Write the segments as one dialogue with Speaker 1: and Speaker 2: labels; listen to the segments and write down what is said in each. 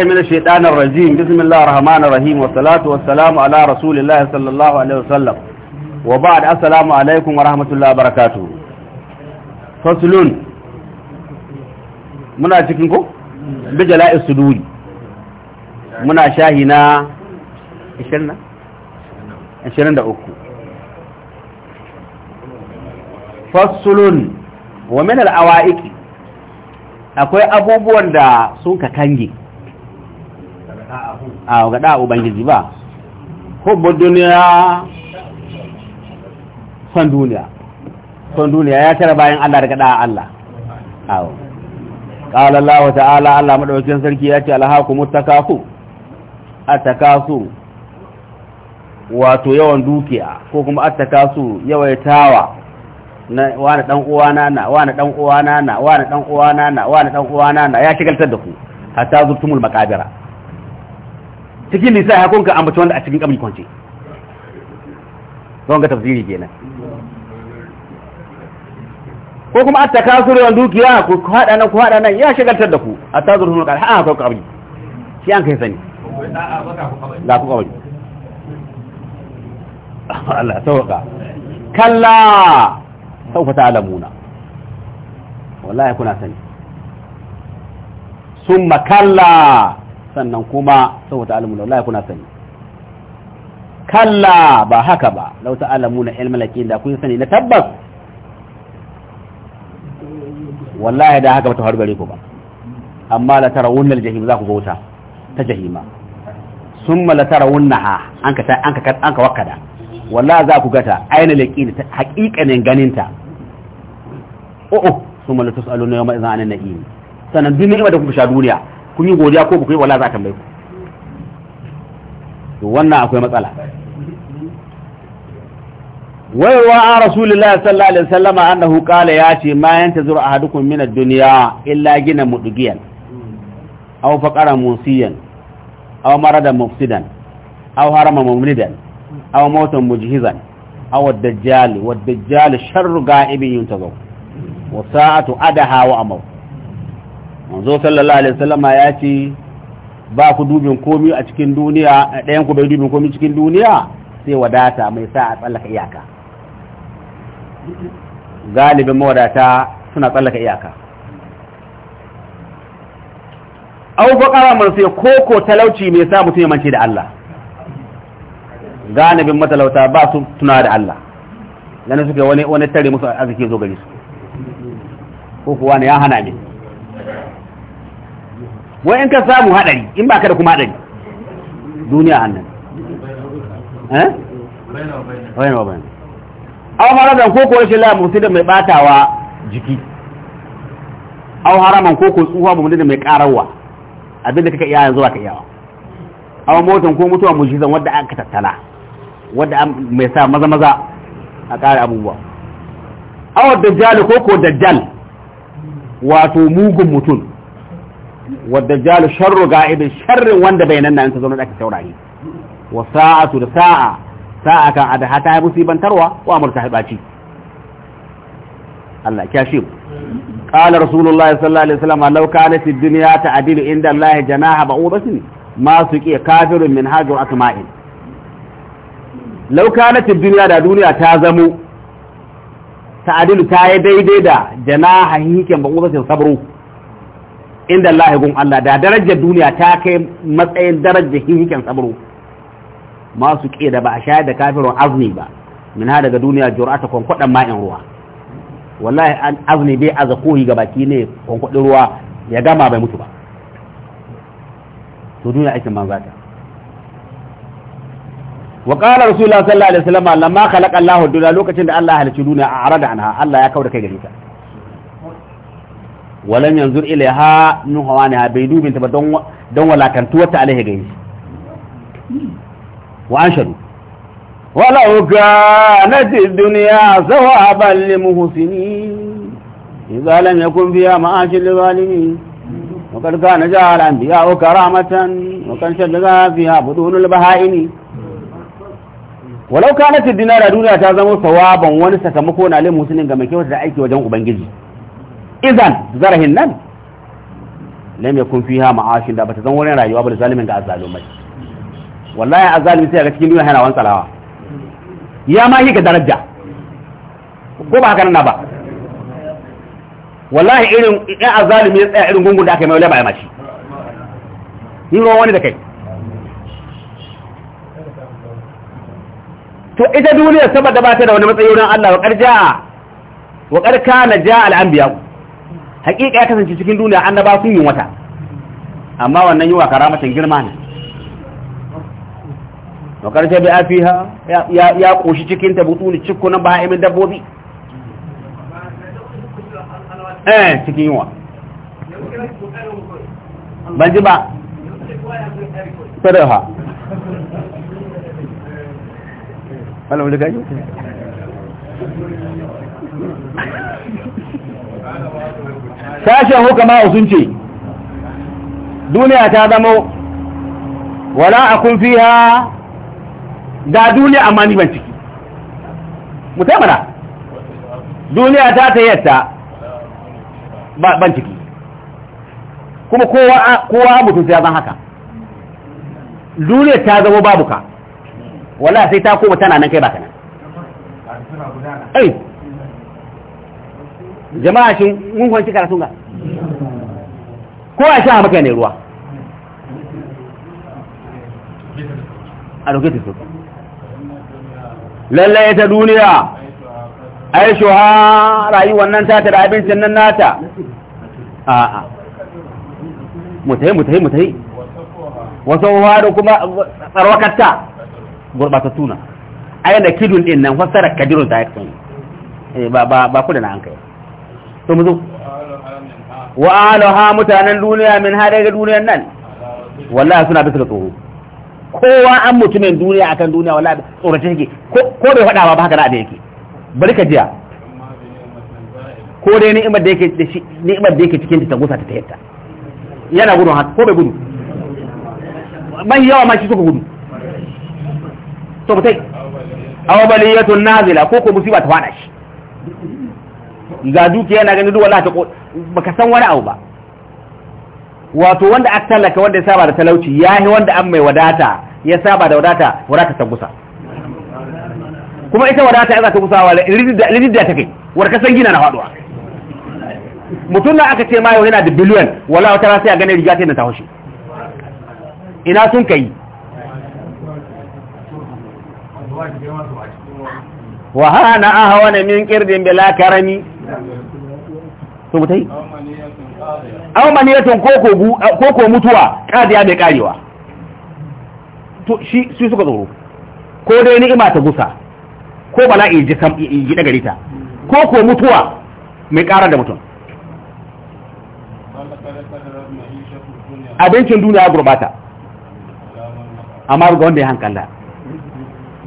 Speaker 1: من الشيطان الرجيم بسم الله الرحمن الرحيم والصلاة والسلام على رسول الله صلى الله عليه وسلم وبعد السلام عليكم ورحمة الله وبركاته فصلون muna cikin ko bijala isuduri muna shahi na 20 23 fasulun wa min al-awaiq akwai abubuwan da sun ka kange a ga da ubangiji ba hubbu duniya san duniya son duniya ya tara bayan Allah daga da Allah awo qala Allah ta'ala Allah madaukin sarki ya ce ku? takafu atakasu wato yawan dukiya ko kuma atakasu yawaitawa na wani dan uwana na wani dan uwana na wani dan uwana na wani dan uwana na ya shigaltar da ku hatta zurtumul maqabira cikin lisa ya kunka ambaci wanda a cikin kamar kwanci. don ga tafsiri kenan ko kuma a atta kasurewan dukiya ku haɗa nan ku haɗa nan ya shagaltar da ku A ta zurfin kar ha ka kabri shi an kai sani la ku kabri Allah sauka kalla saufa alamuna wallahi kuna sani summa kalla sannan kuma saboda alamu wallahi kuna sani kalla ba haka ba lau ta'alamuna ilmal yaqin da kun sani na tabbas wallahi da haka bata faru gare ku ba amma la tarawunnal jahim za ku ga wuta ta jahima summa la tarawunnaha anka ta anka anka wakada wallahi za ku ga ta aina yaqin haqiqanin ganinta o o summa la tusaluna yawma idhan anin na'im sanan duk ni'ima da kuka sha duniya kun yi godiya ko bukai wala za a tambaye ku to wannan akwai matsala wai wa a rasulullahi sallallahu alaihi wasallam annahu qala ya ce ma yantazuru ahadukum min ad-dunya illa gina mudugiyan aw faqara musiyan aw maradan mufsidan aw harama mumridan aw mautan mujhizan aw ad-dajjal wad-dajjal sharru ga'ibin yuntazaw wa sa'atu adaha wa amr manzo sallallahu alaihi wasallama ya ce ba ku dubin komi a cikin duniya ɗayan ku bai dubin komi cikin duniya sai wadata mai sa a tsallaka iyaka galibin mawadata suna tsallaka iyaka au bakara man sai koko talauci mai sa mutum ya mance da Allah galibin matalauta ba su tuna da Allah ganin suke wani wani tare musu arziki zo gari su ko kuwa ne ya hana ne wa in ka samu hadari in ba ka da kuma hadari duniya hannun eh bayan wa bayan aw maradan ko ko rashin lamu da mai batawa jiki aw haraman ko ko tsuwa ba da mai karawa abinda kaka iya yanzu ka iyawa aw motan ko mutuwa jizan wadda aka tattala wadda mai sa maza maza a kare abubuwa aw dajjal ko ko dajjal wato mugun mutum wadda jalu sharru ga'ibin sharrin wanda bai nan nan ta zaune da aka saurari wa sa'atu da sa'a sa'a kan adaha ta yi musibantarwa wa amurta hibaci Allah ya shi qala rasulullahi sallallahu alaihi wasallam law kanat ad-dunya ta'dilu inda Allah janaha ba'udasni ma suqi kafirun min hajur atma'in law kanat ad-dunya da duniya ta zamo ta'dilu ta yi daidai da janaha hikin ba'udasin sabru inda Allah gun Allah da darajar duniya ta kai matsayin darajar hihiken sabro masu ke da ba a shayar da kafirun azni ba min ha daga duniya jur'ata kwankwadan ma'in ruwa wallahi an azumi bai aza kohi ga baki ne kwankwadin ruwa ya gama bai mutu ba to duniya aikin banza ta وقال رسول الله صلى الله عليه وسلم لما خلق الله الدنيا لوكتين الله هلكي دنيا اعرض عنها الله يا kai كاي غريتا ولم ينظر إليها نهوانها بيدو بنت بدون ta ba don don walakantuwar ta alaihi ولو كانت الدنيا ثوابا لمحسنين إذا لم يكن فيها معاش للظالمين وقد كان جعل أنبياء كرامة وكان شدها فيها بدون البهائم ولو كانت الدنيا لدنيا تازم ثوابا ونسك مكونا للمحسنين كما كيف تأيك وجنق بنجزي Izan zarahin nan lam yakun fiha ma'ashin da bata zan wurin rayuwa ba da zalimin ga azalumai. wallahi azalimi sai ga cikin duniya yana wani salawa. ya ma yi ga daraja ko ba haka nan ba wallahi irin ya azzalimi ya tsaya irin gungun da aka yi mai wala ba ya mashi ni ruwan wani da kai to ita duniya saboda ba ta da wani matsayi wurin Allah wa karja wa karka na ja al-anbiya hakika ya kasance cikin duniya annaba sun yi wata amma wannan wa karamatan girma ne wakar ta fi ha ya koshi cikin ta butu ne cikunan imin dabbobi eh cikin wa ban ji ba ha wala wani gaji sashen hukama sun ce duniya ta zamo wala akun fiya ga duniya amma ni ban ciki mutamara duniya ta ta yadda ban ciki kuma kowa mutum ya zan haka duniya ta zama babu ka wala sai ta koma tana nan kai ba ka ai jama'a shi mun kwanci karatu ga ko a sha maka ne ruwa a roke ta so lallai ta duniya shi ha rayuwar nan ta da abincin nan nata a'a
Speaker 2: mutai mutai mutai
Speaker 1: wasu da kuma tsarwakatta gurbatattuna ayyana kidun din nan fassara kadirun ta yi eh, ba ku da na an kai to mu zo wa alaha mutanen duniya min har daga duniyar nan wallahi suna bisa da tsoro kowa an mutumin duniya akan duniya wallahi ta yake ko bai faɗa ba haka na da yake bari ka jiya ko dai ni'imar da yake ni'imar da yake cikin ta gusa ta tayyata yana gudu haka ko bai gudu
Speaker 2: mai yawa ma shi suka gudu
Speaker 1: to mutai awabaliyatun nazila ko ko musiba ta fada shi ga dukiya yana ganin duk wallahi baka san wani abu ba wato wanda aka talaka wanda ya saba da talauci yi wanda an mai wadata ya saba da wadata wadata ta gusa kuma ita wadata ya za ta gusa wa lididda ta kai ka san gina na faduwa mutum na aka ce ma yau yana da biliyon wallahi wata sai a gane riga ta ta hoshi
Speaker 2: ina sun kai
Speaker 1: wa hana ahwana min kirdin bila karami to mu tai aw maniyatun koko koko mutuwa kadiya mai karewa to shi su suka tsoro ko dai ni'ima ta gusa ko bala'i ji sam ji daga rita ko mutuwa mai karar da mutum
Speaker 2: abincin duniya
Speaker 1: gurbata amma ga wanda ya hankala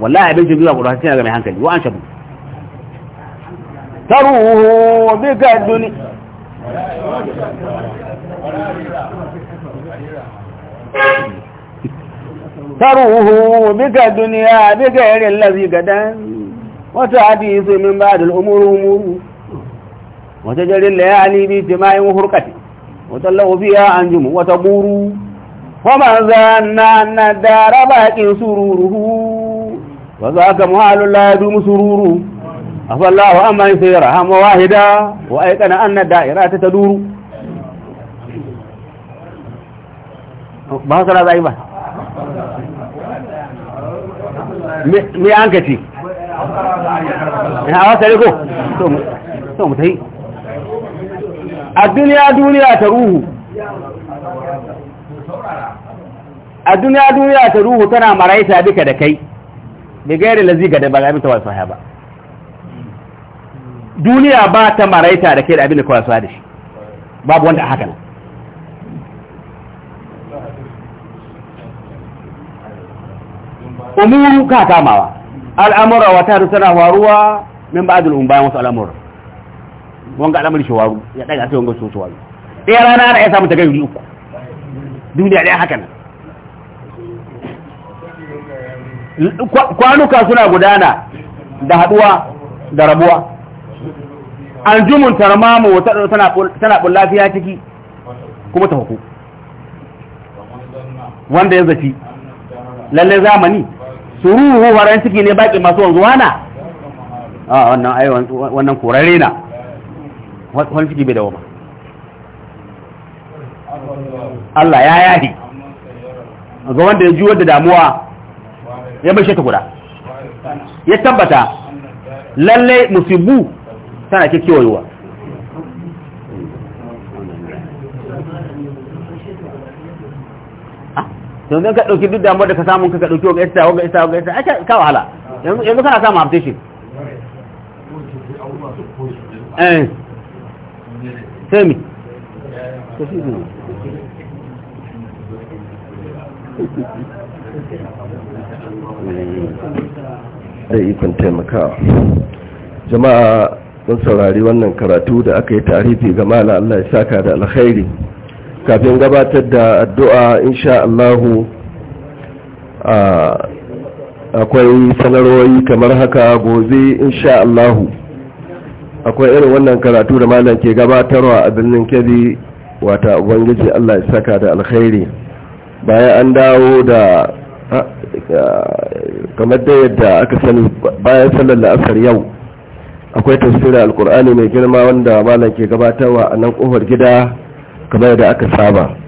Speaker 1: wallahi abincin duniya gurbata sai ga mai hankali wa an shabu تروه بك تروه بك الدنيا بغير الذي قدم وتعديث من بعد الأمور أمور وتجري الليالي باجتماع وفرقته وتلغ فيها أنجم وتبور ومن ظن أن الدار باقي سروره وذاك محال لا يدوم سروره عفى الله أما يسير هم واحدة وأيقن أن الدائرة taduru ba sala zai ba
Speaker 2: mi an ka ina wata riko to mu tai a duniya duniya ta ruhu
Speaker 1: a duniya duniya ta ruhu tana maraita duka da kai da lazi ga da ba ga mutawa sahaba duniya ba ta maraita da ke da abin da kawai sa da shi babu wanda a haka nan umuru ka kamawa al'amura wata da tana faruwa min ba'adul um bayan wasu al'amura wanga al'amari shi waru ya daga sai wanga su su waru ɗaya rana ana ya samu ta gari uku duniya ɗaya haka nan kwanuka suna gudana da haɗuwa da rabuwa aljumun tarmamu tana bulla fiya ciki kuma ta huku wanda ya zaci lalle zamani ruhu waran ciki ne baki masu wanzuwa na a ah, wannan ai wannan korare na wani ciki bai dawo ba
Speaker 2: Allah ya yahi
Speaker 1: ga wanda ya juwar da damuwa ya bashe ta guda
Speaker 2: ya tabbata lalle musibu
Speaker 1: tana ke kewayowa yanzu ka ɗauki duk damar da ka samu ka ɗauki wanga ita wanga ita wanga ita aka ka wahala yanzu kana samun aptation eh sai mi da ikon taimakawa jama'a don saurari wannan karatu da aka yi tarihi ga mala Allah ya saka da alkhairi kafin gabatar da addu'a insha Allahu akwai sanarwoyi kamar haka gobe insha Allahu akwai irin wannan karatu da malam ke gabatarwa a birnin kebbi wata ubangiji Allah ya saka da alkhairi bayan an dawo da kamar da yadda aka sani bayan sallar la'asar yau akwai tafsirin alkur'ani mai girma wanda malam ke gabatarwa a nan kofar gida kamar da aka saba